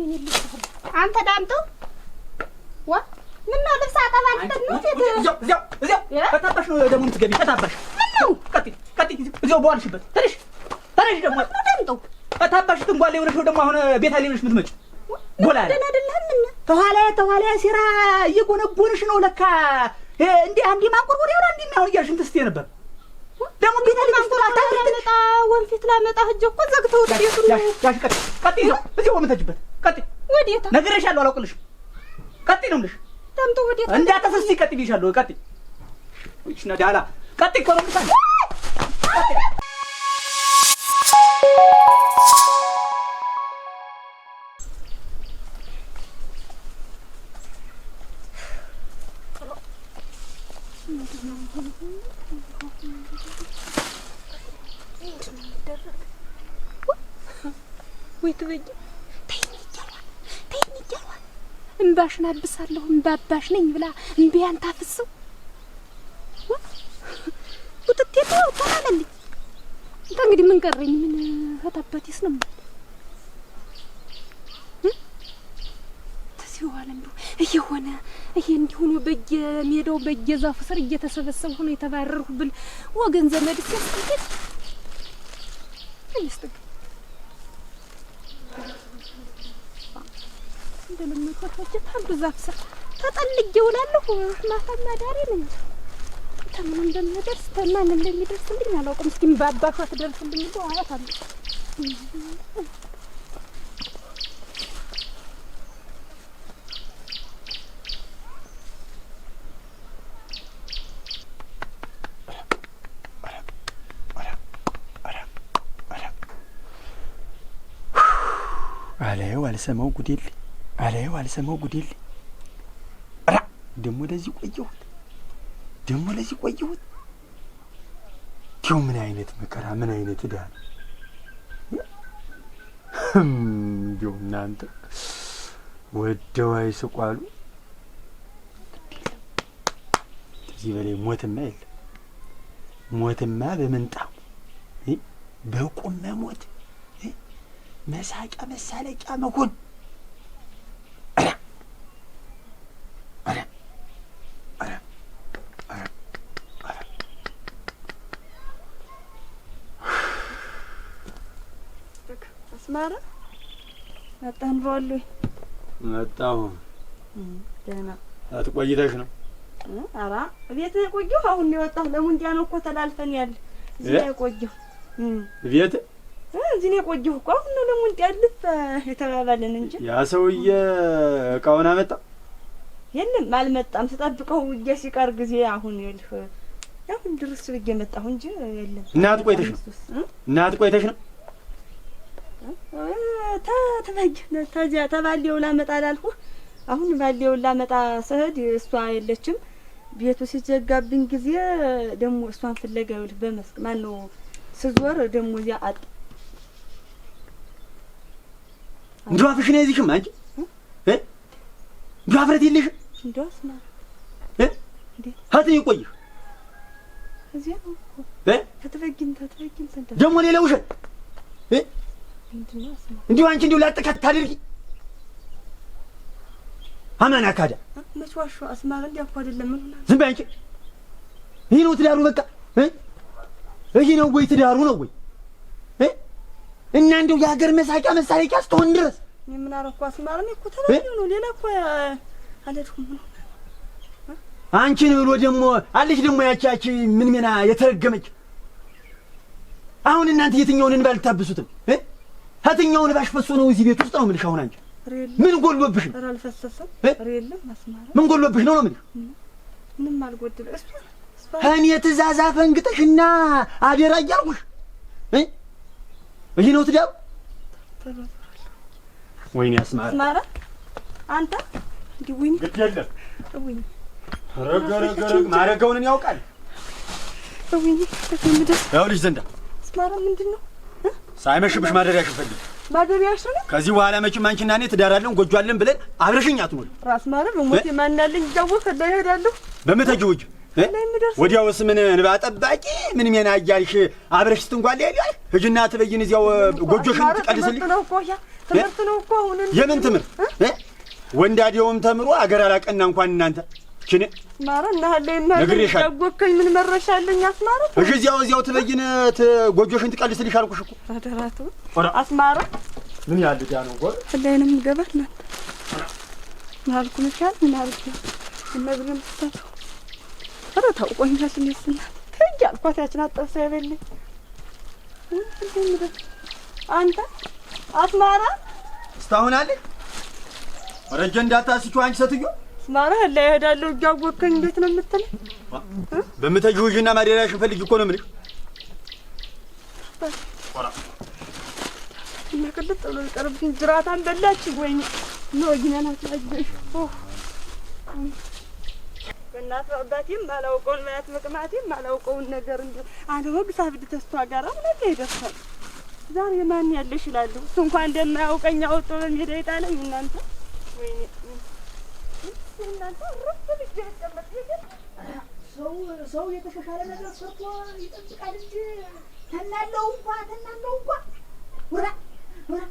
የኔ ልብስ አንተ ዳምጡ ዋ ምን ነው ልብስ አጠባ ከታባሽ ነው ደግሞ የምትገቢ ከታባሽ እዚያው በዋልሽበት ደግሞ ከታባሽ የሆነሽ ነው ደግሞ አሁን ቤት ጎላ ደህና እየጎነጎንሽ ነው ለካ አንዴ ማንቆርቆር ይሆናል እያልሽ እንትን ስትይ ነበር ደግሞ ቤት ወንፊት እኮ ዘግተውት ያሽ ቀጥ ቀጥ ይዘው እዚህ ወምታጅበት ቀጥይ። ወዴታ ነግሬሻለሁ፣ አላውቅልሽም። ቀጥይ ነው የምልሽ። ዳምጦ ወዴታ እንዳታሰስቲ። ቀጥይ ብዬሻለሁ። ቀጥይ ይችና ዳላ ቀጥይ እኮ ነው የምልሽ። ወይ ትበይ እምባሽን አብሳለሁ እምባባሽ ነኝ ብላ እምቢያን ታፍሰው ውጥቴ ነው እንታ እንግዲህ ምን ቀረኝ? ምን አባቴስ ነው ተዚህ በኋላ እንደው እየሆነ ይሄ እንዲሆኑ በየሜዳው በየዛፉ ስር እየተሰበሰብኩ ሆኖ የተባረርሁ ብል ወገን ዘመድ ሲያስፈልግ ምን ከመቶች አንዱ ዛፍ ስር ተጠልጌ ውላለሁ። ማታም አዳሪ ነኝ። ከምንም እንደምደርስ ማን እንደሚደርስልኝ አላውቅም። እስኪ በአባቷ ትደርስልኝ እንደው አያታለሁ። አለየው አልሰማው ጉድ የለ አለ ይኸው አልሰማው ጉዴል ራ ደግሞ ለዚህ ቆየሁት፣ ደግሞ ለዚህ ቆየሁት። ይኸው ምን አይነት መከራ፣ ምን አይነት ዕዳ ነው። እንዲሁ እናንተ ወደው አይስቋሉ። ከዚህ በላይ ሞትማ የለም። ሞትማ በምንጣሙ በቁም ሞት መሳቂያ መሳለቂያ መሆን መጣህ ኑሯል መጣሁ። ደህና አትቆይተሽ ነው? ኧረ ቤት ነው የቆየሁ። አሁን ነው የወጣሁ። ለሙንዲያ ነው እኮ ተላልፈን ያለ እዚህ ነው የቆየሁ። ቤት እዚህ ነው የቆየሁ እኮ አሁን ነው ለሙንዲያ ልፍ የተባባልን እንጂ ያ ሰውዬ እቃውን አመጣ የለም አልመጣም። ስጠብቀው ውዬ ሲቀር ጊዜ አሁን ይልህ ያሁን ድርስ ብዬ መጣሁ እንጂ የለም። እናት ቆይተሽ ነው እናት ቆይተሽ ነው ተዚያ ተባሌው ላመጣ ላልኩህ አሁን ባሌውን ላመጣ ስሄድ እሷ የለችም። ቤቱ ሲዘጋብኝ ጊዜ ደግሞ እሷን ፍለጋ ይኸውልህ በመስክ ማነው ስዞር ደግሞ እዚያ አጣ እንዶ አፍሽን አይዝሽም አንቺ እ እንዶ አፍረት የለሽም እንዶስ ማለት እ እዚያ ነው እኮ እ ደግሞ ሌላ ውሸት እንዲሁ አንቺ እንዲሁ ላጠቃት ታድርጊ። አማን አካዳ መስዋሽ አስማር እንዲህ እኮ አይደለም። ዝም በይ አንቺ። ይህ ነው ትዳሩ፣ በቃ ይህ ነው ወይ ትዳሩ ነው ወይ? እና እንደው የሀገር መሳቂያ መሳለቂያ እስከሆን ድረስ ምን አረኩ? አስማር ነው እኮ ተለያዩ ነው፣ ሌላ እኮ አልሄድኩም ነው። አንቺን ብሎ ደግሞ አለች ደግሞ ያቺ ምን ሜና የተረገመች። አሁን እናንተ የትኛውን እንባ ልታብሱትም ሀተኛውን ባሽፈሶ ነው እዚህ ቤት ውስጥ ነው የምልሽ። አሁን አንቺ ምን ጎሎብሽ ነው? ምን ጎሎብሽ ነው ነው የምልሽ። እኔ ትእዛዝ አፈንግጠሽ እና አደራ እያልኩሽ ይህ ነው ትዳሩ። ወይኔ አስማራ አንተ ግድ የለም ረገረገረግ ማረገውንን ያውቃል። ያው ልጅ ዘንዳ አስማራ ምንድን ነው ሳይመሽ ብሽ ማደሪያሽን ፈልጊ። ማደሪያሽ ነው። ከዚህ በኋላ መቼም አንቺና እኔ ትዳራለን ጎጆአለን ብለን አብረሽኝ አትኖሪ። ራስ ማለት በሞቴ ማናለኝ ይዛወቅ ዳ ይሄዳለሁ በመተጂ ውጅ ወዲያውስ ምን እንባ ጠባቂ ምን ሜና እያልሽ አብረሽ ስትንጓል ይሄዳል። ህጅና ትበይን እዚያው ጎጆሽን ትቀድስልኝ። ትምህርት ነው እኮ አሁን የምን ትምህርት ወንዳዴውም ተምሮ አገር አላቀና እንኳን እናንተ ኪኔ ማረ እናህለ እናግሪሽ ያጎከኝ ምን መረሻለኝ አስማረ እሺ እዚያው እዚያው ትበይን ጎጆሽን ትቀልስልሽ አልኩሽ እኮ አደራቱ አስማረ ምን ያህል ያ ነው ጎር ሁሌንም ገባት ናት ማልኩ ምቻል ምን አልኩ እመብለም ተሰጠ አረ ታውቆኛል ስለስና ትንጅ አልኳት ያችን አጠብሳ ያበልኝ አንተ አስማራ እስካሁን አለ ወረጀ እንዳታስቹ አንቺ ሴትዮ ማረህ ላይ እሄዳለሁ እያወከኝ እንዴት ነው የምትል? በምታጂው ይዤና ማደሪያሽን ፈልጊ እኮ ነው የምልሽ። እና ቅልጥ ብሎ ይቀርብኝ ጅራታን በላች ወይ ነው ይናናት አጅበሽ በእናት አባቴም አላውቀውን በእናት መቅማቴም አላውቀውን ነገር እንደ አንድ ወግ ሳብድ ተስቷ ጋራ ምን ይደርሳል። ዛሬ ማን ያለሽ ይላሉ። እሱ እንኳን እንደማያውቀኝ አውጥቶ በሜዳ ይጣለኝ እናንተ ወይኔ እናንተ ረፍ ብዬ ልቀመጥ ሰው ሰው የተሻሻለ ነገር ሰርቶ ይጠብቃል እንጂ ተናለው እንኳ ተናለው እንኳ ውራ ውራ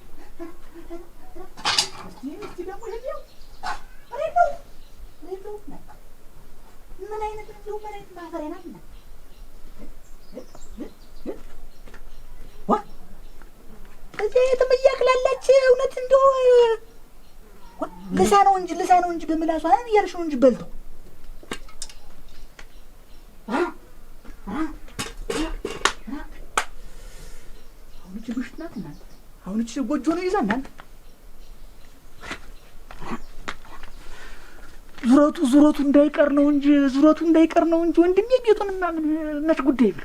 እስቲ ደግሞ ይሄው ሬለው ሬለው ምን አይነት እንደው ምን አይነት ማፈሪያ ናት እና እዚህ የትም እያክላለች እውነት እንደው ልሳ ነው እንጂ ልሳ ነው እንጂ በምላሷ እያልሽ ነው እንጂ በልቶ አሁን እቺ ብሽት ናት እናንተ። አሁን እቺ ጎጆ ነው ይዛ እናንተ ዙረቱ ዙረቱ እንዳይቀር ነው እንጂ ዙረቱ እንዳይቀር ነው እንጂ ወንድሜ ቤቱን እና ምን ነች ጉዳይ ብሎ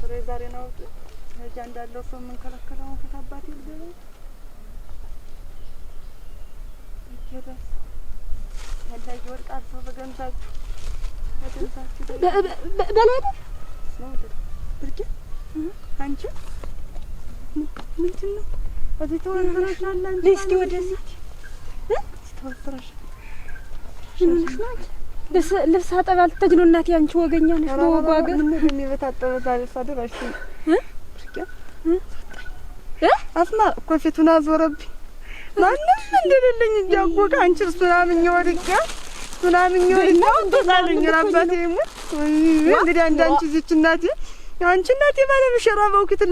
ትሬዛሬ ነው እጃ እንዳለው ሰው የምንከለከለው ከታባት ይገባ ከላይ ይወድቃል ሰው በገንዛችሁ በላይ አንቺ ምንድን ነው ልብስ አጠብ አልተግኖ እናቴ፣ አንቺ ወገኛ ነሽ። በወጓገ አስማር እኮ ፊቱን አዞረብኝ። ማንም እንደሌለኝ እያወቀ አንቺ እሱን ወድቄ እሱን ወድቄ እንትን አለኝ። እንግዲህ አንዳንቺ ዝች እናቴ አንቺ እናቴ ባለ በሸራ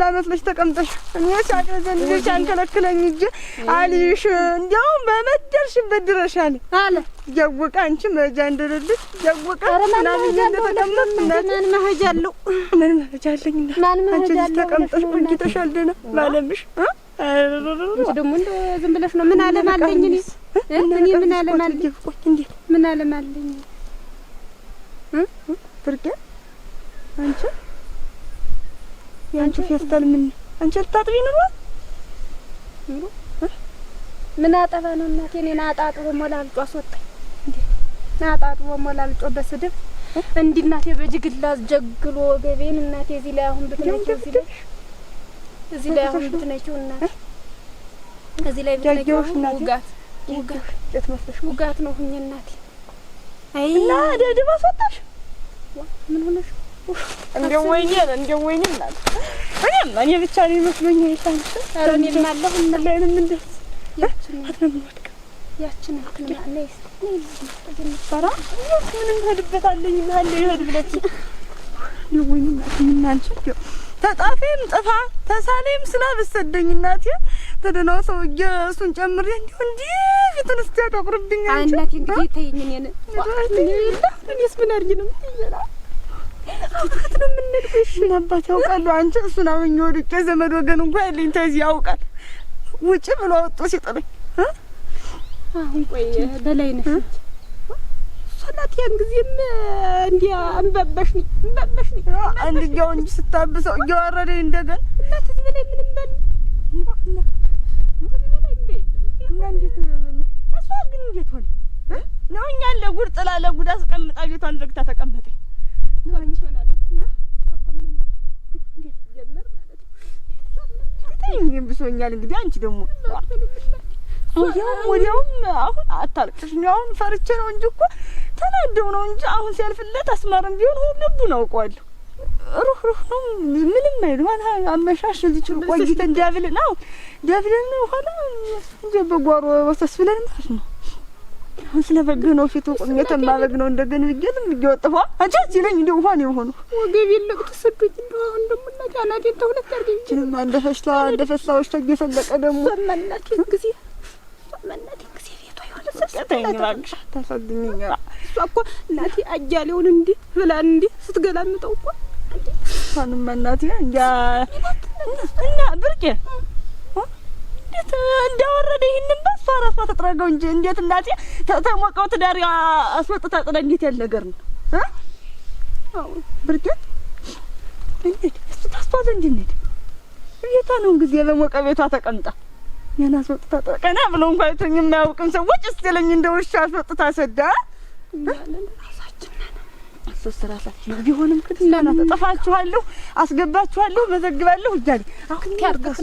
ላመስለሽ ተቀምጠሽ እኔ ሳድረ ዘንድ ልጅ አንከለክለኝ እንጂ አልይሽ እንዲያውም በመደርሽበት ድረሻል አለ እያወቀ አንቺ መሄጃ እንደሌለሽ እያወቀ ምናምን ማን መሄጃ አለው? ምን መሄጃ አለኝ? ማን መሄጃ አለው? ተቀምጠሽ ቆይተሽ አልደና ባለምሽ ደግሞ እንደ ዝም ብለሽ ነው። ምን አለም አለኝ እኔ ምን አለም አለኝ ምን አለም አለኝ አንቺ የአንቺ ፌስታል ምን አንቺ ልታጥቢ ነው? ምን አጠባ ነው እናቴ? እኔን አጣጥቦ ሞላልጮ አስወጣኝ። ና አጣጥቦ ሞላልጮ በስድብ እንዲህ እናቴ በጅግላ ጀግሎ ወገቤን እናቴ እዚህ ላይ አሁን ብትነኪው እዚህ ላይ እዚህ ላይ አሁን ብትነኪው እናቴ እዚህ ላይ ብትነኪው ውጋት ውጋት ውጋት ነው ሁኝ እናቴ። አይ እና ደብድባ አስወጣሽ። ምን ሆነሽ እንደው ወይኔ እንደው ወይኔ እኔ ብቻ ነው ይመስለኝ። ተጣፌም ጥፋ ተሳሌም ስላበሰደኝ እናቴ ተደናው ሰውዬ እሱን ጨምሬ እንዲሁ እንዲህ እናቴ እንግዲህ ተይኝ እኔን እኔስ ምን አድርጊ ነው አባት ነው የምንሄድኩሽ። ምን አባት ያውቃለሁ። አንቺ እሱን አመኝ ወድቄ ዘመድ ወገን እንኳን ያለኝ ተዚህ ያውቃል። ውጭ ብሎ ወጥቶ ሲጥለኝ አሁን ቆይ በላይ ነሽ ሰላት ያን ጊዜም እንዲያ እንበበሽ ነኝ እንበበሽ ነኝ አንድ እንጂ ስታብሰው እያወረደኝ እንደገና እናት እዚህ በላይ ምንም በል እሷ ግን እንዴት ሆነ ነው እኛን ለጉድ ጥላ ለጉድ አስቀምጣ ቤቷን ዘግታ ተቀመጠ ይሄን ብሶኛል። እንግዲህ አንቺ ደግሞ ወዲያውም ወዲያውም አሁን አታልቅሽ። አሁን ፈርቼ ነው እንጂ እኮ ተናደው ነው እንጂ አሁን ሲያልፍለት አስማርም ቢሆን ሁሉ ልቡን አውቀዋለሁ። ሩህ ሩህ ነው ምንም አይልም። አመሻሽ እዚህ ቆይተን ዳብልን አሁን ዳብልን ኋላ እንደ በጓሮ ወሰስ ብለን ማለት ነው ስለ በግ ነው ፊቱ ቁሜ ተማበግ ነው እንደገና ይገንም ይወጥፋ አንቺ እዚህ እንደ ውሃ ነው የሆነው ወገብ የለቅ ተሰዶች እንደ አሁን ደግሞ እናት ያናት ተሁለት አርገኝ ምንም አንደፈሽታ አንደፈሳዎች ተገፈለቀ ደግሞ ሰማናት ጊዜ ሰማናት ጊዜ ቤቷ እሷ እኮ እናቴ እንዲህ ብላን እንዲህ ስትገላምጠው እኮ እናቴ እንጃ እና ብርቄ እንዴት እንዳወረደ ይህንን በሷ ራሷ ተጥረገው እንጂ እንዴት እናቴ ተሞቀው ትዳር አስወጥታ ጥለ እንዴት ያለ ነገር ነው ብርጌት? እንዴት እሱ ታስቷ ዘንድ እንዴት ቤቷ ነው እንግዲህ በሞቀ ቤቷ ተቀምጣ ያን አስወጥታ ቀና ብሎ እንኳን አይቶኝ የማያውቅም ሰዎች እስኪለኝ እንደ ውሻ አስወጥታ ሰዳ ሶስት ራሳችን ቢሆንም ክርስቲያናት ተጠፋችኋለሁ፣ አስገባችኋለሁ፣ መዘግባለሁ እጃ አሁን ያርገሱ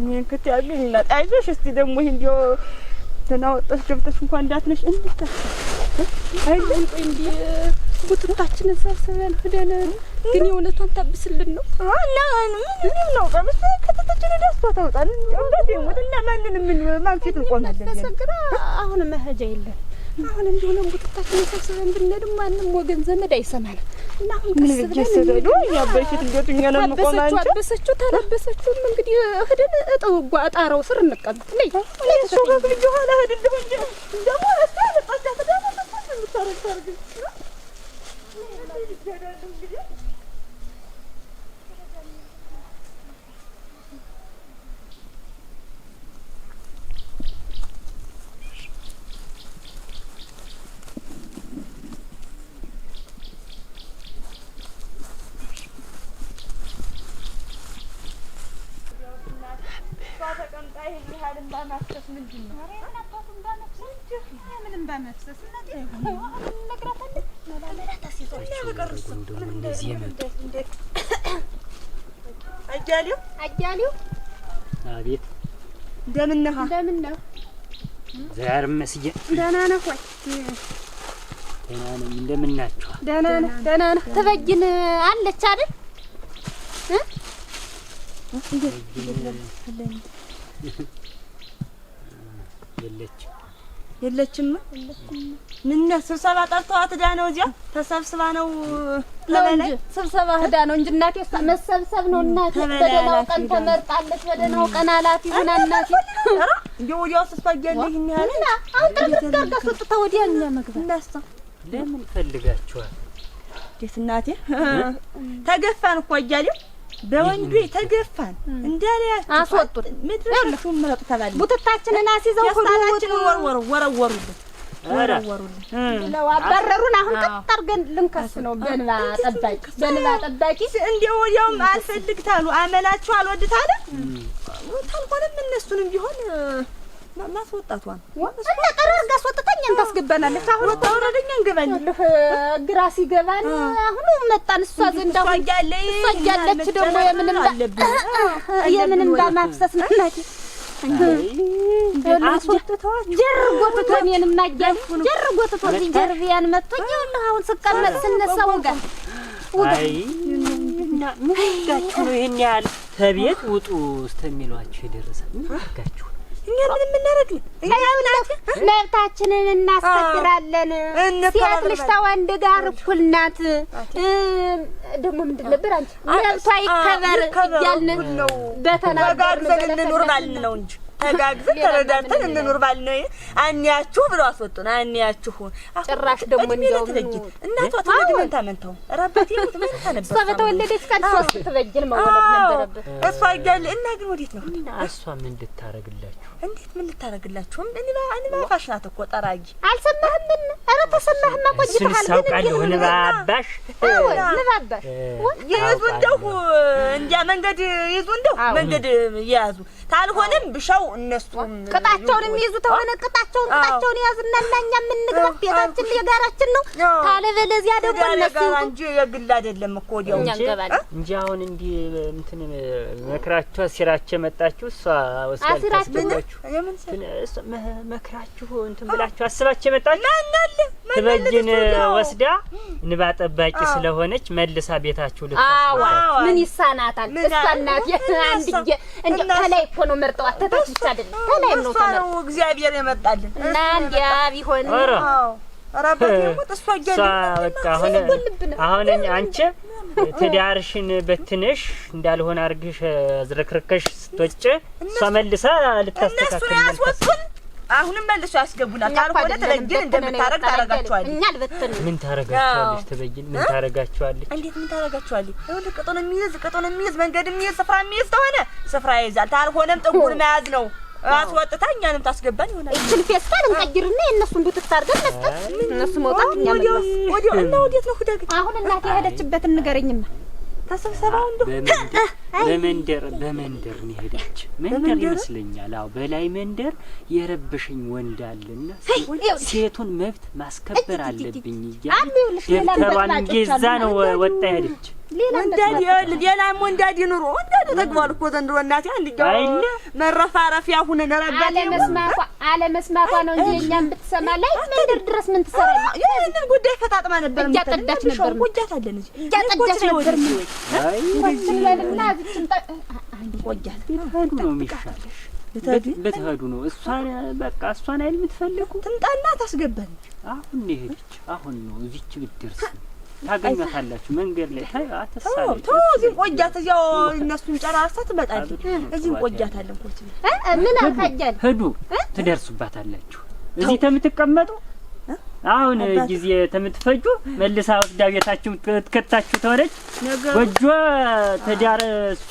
ምንክት ያገኝና አይዞሽ። እስቲ ደግሞ ይሄ እንዲያው ተናወጣሽ ገብተሽ እንኳን እንዳትነሽ እንዴት አይ እንዴ ቡትታችን ሰብስበን ሄደን ግን የእውነቷን ታብስልን ነው እና ምን ነው ቀምስ ከተተችን ደስታ ታውጣን እንዴ ደግሞ እና ማንንም ምን ማንፊት እንቆማለን። አሁን መሄጃ የለን አሁን ነው ቡትታችን የሰብስበን ብንሄድም ማንም ወገን ዘመድ አይሰማል። ምን አሁን ቀስ ብለን ያበሽት እንዴት እኛ ነን ቆማንጭ አበሰችው ተለበሰችው እንግዲህ እህድን እጠው ጓጣራው ስር እንቀመጥ ነይ ነይ ሱቅ ልጅ ሆነ እህድ እንደው እንጂ ደግሞ እሱ አመጣቻ ተዳመጠ ተሰምታረክ ታርግ ነው እንግዲህ ምንድን ነው? ኧረ እናቷቱን ባመፍሰስ ምንም ባመፍሰስ አያሌው አያሌው፣ አቤት፣ እንደምን ነህ? እንደምን ነህ? ዛሬ መስዬ ደህና ነህ ወይ? ደህና ነኝ። እንደምን ናችሁ? ደህና ነህ? ደህና ነህ? ትበይን አለች አይደል? እ የለችም የለችም። ምን ስብሰባ ጠርተዋት ዳ ነው እዚያ ተሰብስባ ነው ለበላይ ስብሰባ ዳ ነው እንጂ እናቴ መሰብሰብ ነው እናቴ። በደህናው ቀን ተመርጣለች። በደህናው ቀን አላት ይሁን እናቴ። እንዴ ወዲያው ስታገኝልኝ ምን እና አሁን ተጋጋስ ወጥታ ወዲያ እኛ መግባት እንዳስታ ለምን ፈልጋችኋል? እንዴት እናቴ ተገፋን እኮ እያሌው በወንዱ የተገፋን እንዳለያችሁ አስወጡት። ምድራችሁ ምረጡ ተባለ። ቡትታችንን አስይዘው ሁሉታችንን ወረወሩ ወረወሩልን ወረወሩልን ብለው አባረሩን። አሁን ቀጥ አድርገን ልንከስ ነው። በንባ ጠባቂ በንባ ጠባቂ እንዲያው ወዲያውም አልፈልግታሉ አመላችሁ አልወድታለ ታልሆነም እነሱንም ቢሆን ማስወጣቷን እንደ ጥሩ አድርጋ አስወጥታኝ ታስገባናለች። አሁን ተወረደኛ እንገባኛለህ ግራ ሲገባን አሁኑ መጣን እሷ ዘንዳ እያለች ደግሞ የምንም የምንም ባ ማፍሰስ ነው እናቴ ጀርጎትቶኔን አሁን ስቀመጥ ምን ውጡ እስተሚሏችሁ የደረሰ ምን አድርጋችሁ እኛ ምን የምናረግ መብታችንን እናስከብራለን። ሴት ልጅ ተወንድ ጋር እኩል ናት። ደግሞ ምንድን ነበር አንቺ መብቷ ይከበር እያልን በተናጋግዘን እንኑር ባልን ነው እንጂ ተጋግዘን ተረዳርተን እንኑር ባልን ነው። አንያችሁ ብለው አስወጡን። አንያችሁ ጭራሽ ደግሞ እንደው እናቷ ትውልድ መንታ መንታው ረበት ይሙት መንታ ነበር። እሷ በተወለደች ቀን ሶስት ትበጅል መወለድ ነበረበት። እሷ እያለ እና ግን ወዴት ነው እሷም እንድታረግላችሁ እንዴት ምን ልታደርግላችሁም? እንባ እንባ አባሽ ናት እኮ ጠራጊ። አልሰማህም? ምን ኧረ ተሰማህማ እኮ ጅብሃል። ሳውቃለሁ እንባ አባሽ እንባ አባሽ ይዙ እንደው እንዲያ መንገድ ይዙ እንደው መንገድ ያዙ። ታልሆነም ብሻው እነሱ ቅጣቸውንም ይዙ ተሆነ ቅጣቸውን ቅጣቸውን የያዙና እና እኛ የምንግባ ቤታችን የጋራችን ነው። ካለበለዚያ ደግሞ እነሱ እንጂ የግል አይደለም እኮ ወዲያው እንጂ እንጂ አሁን እንዲህ እንትን መክራቸው አሲራቸው መጣችሁ እሷ ወስዳል የመጣችሁ መክራችሁ እንትን ብላችሁ አስባችሁ የመጣችሁ ትበጅን ወስዳ ንባ ጠባቂ ስለሆነች መልሳ ቤታችሁ ልት ምን ይሳናታል? እሳናት አንድ እንደ ከላይ እኮ ነው መርጠዋት ተታች ብቻ አይደለም ከላይም ነው ተመርጠው እግዚአብሔር የመጣልን እና እንዲያ ቢሆን አሁን አንቺ ትዳርሽን በትነሽ እንዳልሆነ አድርግሽ አዝረክርከሽ ስትወጪ እሷ መልሳ ልታስተካክል አሁንም መልሶ ያስገቡናል። ካልሆነ ተበይን እንደምታረግ ታረጋቸዋለች። እኛ አልበትን ምን ታረጋቸዋለች? ተበይን ምን ታረጋቸዋለች? እንዴት ምን ታረጋቸዋለች? ይኸውልህ ቅጡን የሚይዝ ቅጡን የሚይዝ መንገድ የሚይዝ ስፍራ የሚይዝ ከሆነ ስፍራ ይይዛል። ካልሆነም ጥጉን መያዝ ነው። አስወጥታ እኛንም ታስገባኝ ይሆናል። እቺን ፌስታል እንቀይርና የእነሱን ቡትት አድርገን መስጠት እነሱ መውጣት እኛ መግባት። ወዲያው እና ወዴት ነው ሁደግ? አሁን እናቴ የሄደችበትን ንገረኝማ ተሰብሰባው እንዶ በመንደር በመንደር ነው ሄደች። መንደር ይመስለኛል። አዎ በላይ መንደር የረብሽኝ ወንድ አለና ሴቱን መብት ማስከበር አለብኝ እያለ ደብተሯን ይዛ ነው ወጣ ሄደች። ሌላም ወንዳዴ ኑሮ ወንዳዴ ተግባል እኮ ዘንድሮ እናቴ አንድያው መረፋረፊያ ሁነን አለመስማቷ ነው እንጂ የእኛም ብትሰማ ላይ መንደር ድረስ ምን ትሰራለች? ይህንን ጉዳይ ፈጣጥማ ነበር እያጠዳች ነበር እያጠዳች ነበር። በልና ዝም ብትሄዱ ነው የሚሻልሽ፣ ብትሄዱ ነው። እሷን በቃ እሷን አይደል የምትፈልጉ ትምጣና ታስገባለች። አሁን ነው የሄደች፣ አሁን ነው እዚች ብትደርስ ታገኛታላችሁ መንገድ ላይ ተው ተው፣ እዚህ ቆያት። እዚያው እነሱን ጨራርሳ ትመጣለች። እዚህ ቆያታለን። ኮች ምን አልካጃል ሂዱ፣ ትደርሱባታላችሁ። እዚህ ተምትቀመጡ አሁን ጊዜ ተምትፈጁ መልሳ ወስዳ ቤታችሁ ትከታችሁ ተሆነች ጎጆ ተዳር እሷ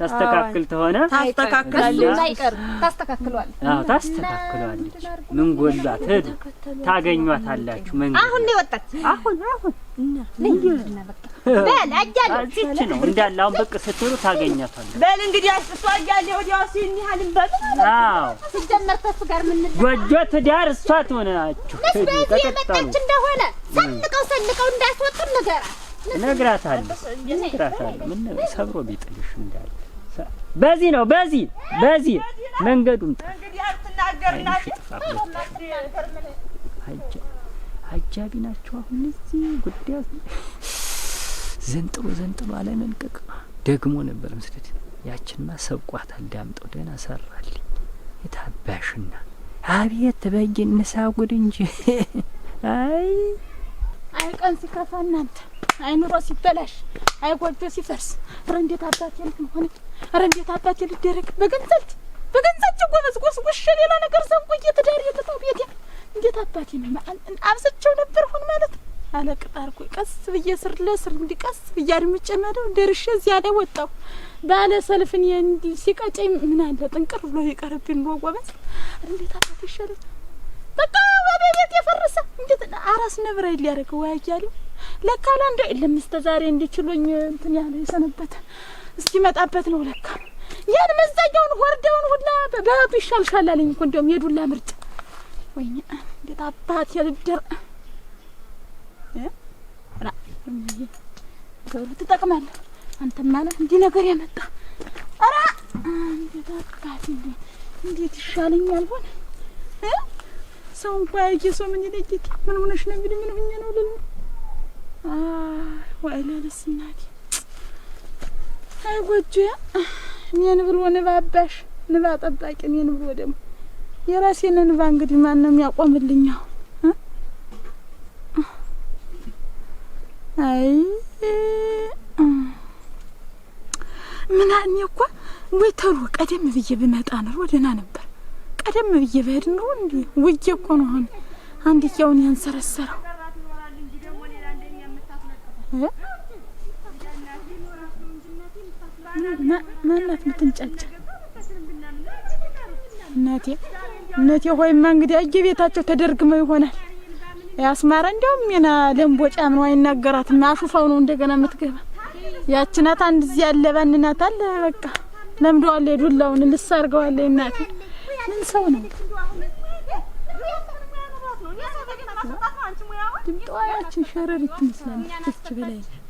ታስተካክል ተሆነ ታስተካክላለች፣ ታስተካክሏለች። አዎ ታስተካክሏለች። ምን ጎሏት? ሂድ ታገኟታላችሁ። መንገድ አሁን ነው ወጣች። አሁን አሁን በል አያሌው እዚች ነው እንዳለ። አሁን ብቅ ስትሉ ታገኛታለች። በል እንግዲህ እሷ አያሌው ወዲያውስ ይህን ያህል በሉ። አዎ ሲጀመር ከእሱ ጋር ምን ጎጆ ትዳር እሷ ትሆናችሁ። በዚህ የመጣች እንደሆነ ሰልቀው ሰልቀው እንዳትወጡ ንገራት። እነግራታለሁ እነግራታለሁ። ምን ሰብሮ ቢጥልሽ እንዳለ በዚህ ነው በዚህ በዚህ መንገዱም አጃቢ ናቸው። አሁን እዚህ ጉዳይ ዘንጥሮ ዘንጥሮ አለመልቀቅ ደግሞ ነበር ያችንማ ሰብቋታል። ዳምጠው ደህና ሰራልኝ የታባሽና አቤት እንሳ ጉድ እንጂ አይ አይ ቀን ሲከፋ እናንተ አይ ኑሮ ሲበላሽ አይ ጎጆ ሲፈርስ ፍረ አባቴ ልክ ሆነ አረ እንዴት አባቴ ልደረግ? በገንዘብ በገንዘብ ጎበዝ ጎስ ጎስጉሽ ሌላ ነገር ዘንቆ እየተዳር የተተው ቤት እንዴት አባቴ ነው አብዝቼው ነበር ሁን ማለት አለቅጥ አርኩ ቀስ ብዬ ስር ለስር እንዲህ ቀስ ብዬ አድምጬ መደው ደርሼ እዚያ ላይ ወጣሁ። ባለ ሰልፍን እንዲህ ሲቀጨኝ ምን አለ ጥንቅር ብሎ ይቀርብኝ ነው ጎበዝ። እንዴት አባቴ ይሻለኝ በቃ ወደ ቤት የፈረሰ እንዴት አራስ ነብረ ሊያደርገው ያያሉ ለካላ እንደ ለምስተዛሬ እንዲችሎኝ እንትን ያለ የሰነበተ እስኪመጣበት ነው ለካ። ያን መዛኛውን ወርደውን ሁላ በእህቱ ይሻልሻል አለኝ እኮ እንዲያውም የዱላ ምርጥ። ወይኔ እንዴት አባት የልብደር ገብሩ ትጠቅማለ አንተ ማለት እንዲህ ነገር ያመጣ ኧረ እንዴት አባት እንዴት ይሻለኛል ሆነ ሰው እንኳ ያየ ሰው ምን ይለየት? ምን ሆነሽ ነው የሚል ምን ሆኜ ነው ልል ወይ ለልስ እናቴ ጎጆ እኔን ንባ አባሽ ንባ ጠባቂ ደግሞ የራሴን ንባ እንግዲህ ማን ነው የሚያቆምልኛው? አይ ምን እኮ ወይ ቀደም ብዬ ብመጣ ደህና ነበር። ቀደም ብዬ በሄድ እንዲ ውዬ እኮ ነው አሁን አንድ ያውን ያንሰረሰረው ማናት ምትንጫጫ? እናቴ እነቴ ሆይማ እንግዲህ እጅ ቤታቸው ተደርግመው ይሆናል ያስማረ እንዲያውም የና ለምቦጫ ምን አይናገራት አሹፋው ነው እንደገና የምትገባ ያችናት አንድ እዚህ ያለ ባንናት አለ በቃ ለምደዋለ ዱላውን ልሳርገዋለ እናቴ ምን ሰው ነው ድምጠዋያችን ያችን ሸረሪት ትመስላለች። እስኪ በላይ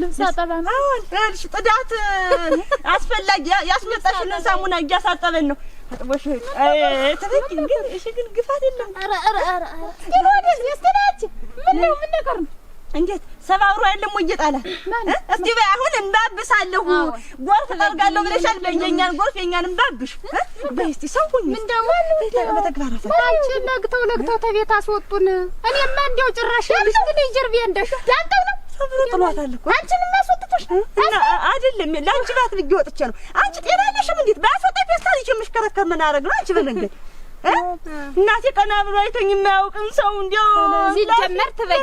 ልብስ አጠባ ጥዳት አስፈላጊ ያስመጣሽልን ሳሙና እያሳጠበን ነው። አጥቦሽ ግን ግፋት የለም። ምነው ምን ነገር ነው? እንዴት ሰባብሮ ያለም ወየጣላት እስቲ በይ አሁን እንባብሳለሁ። ጎርፍ ጠርጋለሁ ብለሻል። የእኛን ጎርፍ የእኛን እንባብሽ በይ እስቲ ሰው ሁኝ። ምን ደግሞ በተግባራት አንቺ ነግተው ነግተው ተቤት አስወጡን። እኔማ እንዲያው ጭራሽ ልጅ ግን ይጀርብ ያንደሽ ዳንተው ነው ሰብሮ ጥሏታል እኮ አንቺንም እና አይደለም። ለአንቺ ባት ብዬ ወጥቼ ነው። አንቺ ጤና የለሽም። እንዴት በአስወጣ ፌስታል ይችም የምሽከረከር ምን አረግ ነው አንቺ በመንገድ እናቴ ቀና ብሎ አይቶኝ የማያውቅን ሰው እንዲያው ሲጀመር ትበይ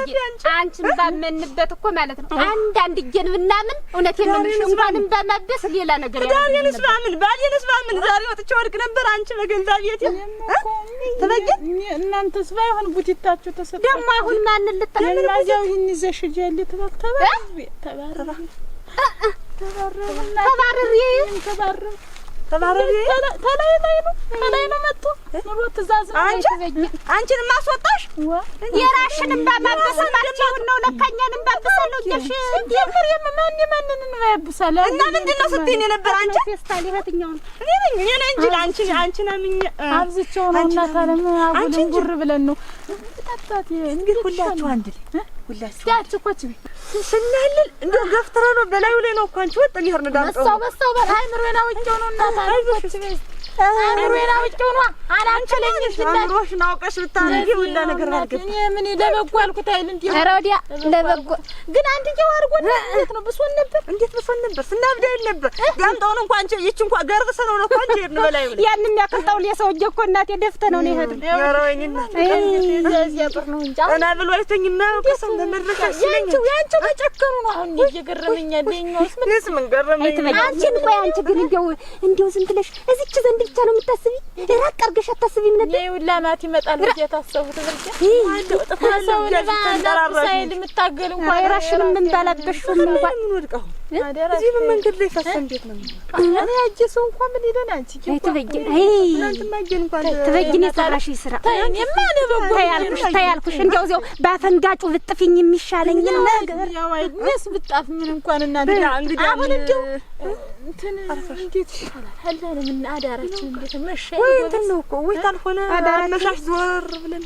አንቺን ባመንበት እኮ ማለት ነው። አንድ አንድ ጌን ብናምን እውነቴን ነው እንኳንም ሌላ ነገር ያለው ባምን ባሊንስ ባምን ዛሬ ወጥቼ ወድቅ ነበር። አንቺ በገዛ ቤት ትበይ እናንተስ ባይሆን ቡቲታችሁ ተሰጥ ደግሞ አሁን ማንን ልታምን ይህን ይዘሽ ጀል ተባተባ ተባረራ ተባረራ ተባረራ ተባረራ ተላይ ላይ ነው ተላይ ነው መጥቶ አንቺንም አስወጣሽ የራሽን እንዳማበሰ ማቸውን ነው ለካኛን እንዳበሰሉ ሽ ጀምር የማን የማንን ያብሳል እና ምንድን ነው ስትይን የነበር አንቺ ፌስታል ይኸትኛውን እኔ ነኝ እኔ ነኝ እንጂ አንቺ አንቺ ናምኝ አብዝቼው ነው እናት አለም አቡልን ጉር ብለን ነው ታጣት እንግዲህ ሁላችሁ አንድ ላይ ሁላችሁ ያቺ ኮች ቤት ስናልል እንደው ገፍትራ ነው በላዩ ላይ ነው እኮ አንቺ ወጥ ይሄር ነው ዳምጣው በሳው በሳው በላይ ምሮና ወጭ ነው እናት አለም ኮች ቤት አምሮዬን አውቄው ነዋ። አላከለኝም ስላሽ አውቀሽ ብታረጊው ሁላ ነገር አልገባም። እኔ ምን ለበጎ አልኩት አይደል? እንደ ኧረ ወዲያ ለበጎ ግን አንድ ጊዜ እንዴት ነው ብሶን ነበር፣ እንዴት ብሶን ነበር። ስናብድ ነበር ዳምጣውን እንኳን እንጂ እንኳን ገርብሰን ነው እኮ እንጂ ሄድን በላይ ብለህ ያንን ያክልታውን የሰው እጄ እኮ እናቴ ደፍተህ ነው ነው የሄድን። ኧረ ወይኔ እናቴ እዚያ ጥሩ ነው እንጂ እና ብሎ አይተኝም አያውቅም። ለመድረሻ ያንቺው ያንቺው መጨከኑ ነው አሁን እየገረመኛል። የእኛውስ ምን ገረመኝ። አንቺን ቆይ አንቺ ግን እንደው እንደው ዝም ብለሽ እዚህች ዘንድ ብቻ ነው የምታስቢ? ራቅ አድርገሽ አታስቢም ነበር? ይሄ ሁላ ይመጣል ብዬሽ የታሰቡት ብቻ አንዱ ጥፋት ሰው ለባላ ሳይል የምታገል እንኳን ራሽንም እንዳላበሽው እንኳን እዚህ መንገድ ላይ ፈሰን እንዴት ነው? እኔ ያጀ ሰው እንኳን ምን ይለን አንቺ ኪንኳ ትበጅን ስራ እኔማ በጎ ያልኩሽ ታያልኩሽ እንዲያው እዚያው ባፈንጋጩ ብጥፊኝ የሚሻለኝ ነገር ብጣፍ ምን እንኳን እናንተ እንግዲህ አሁን እንደው እንዴት ይሻላል? አዳራችን እንዴት መሸ ነው እኮ ወይ ታልሆነ አዳራሽ ዞር ብለን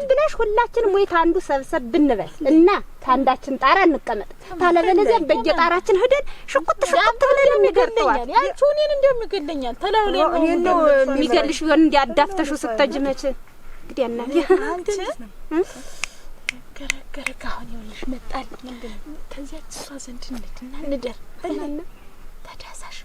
እንዴት ሁላችንም ወይ ከአንዱ ሰብሰብ ብንበል እና ከአንዳችን ጣራ እንቀመጥ። ታለበለዚያ በየጣራችን ሄደን ሽቁጥ ሽቁጥ ብለን እንገርጠዋል። ያቺ እኔን እንደው የሚገለኛል ተላው ነው የሚገልሽ ቢሆን እንዲያዳፍተሽው ስተጅ መች እንግዲህ እናት ገረገረ ካሁን ይኸውልሽ መጣል ከዚያች እሷ ዘንድ እንሂድና እንደር 大概三十。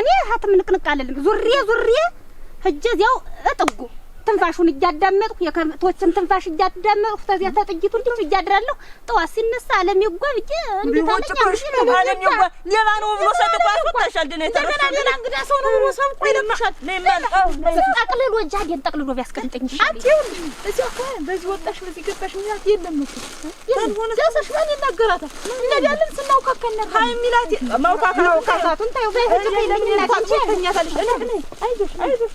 እኔ ሀትም ንቅንቅ አለልም ዙሬ ዙሬ ህጀ እዚያው እጥጉ ትንፋሹን እያዳመጥኩ የከብቶችን ትንፋሽ እያዳመጥኩ ተዚያ ተጥይቱ እንዲሁ እያድራለሁ። ጠዋት ሲነሳ አለም ይጓብ እጄ እንዲታለኛሽ አለም ሌባ ነው ብሎ ድነ እንግዳ ሰው ነው ብሎ ጠቅልሎ ጃዴን ጠቅልሎ ቢያስቀምጠኝ አንቺ እኮ በዚህ ወጣሽ በዚህ ገባሽ የለም እኮ ይናገራታል? እንደዳለን ሀይ ማውካካቱን ታዩ አይዞሽ አይዞሽ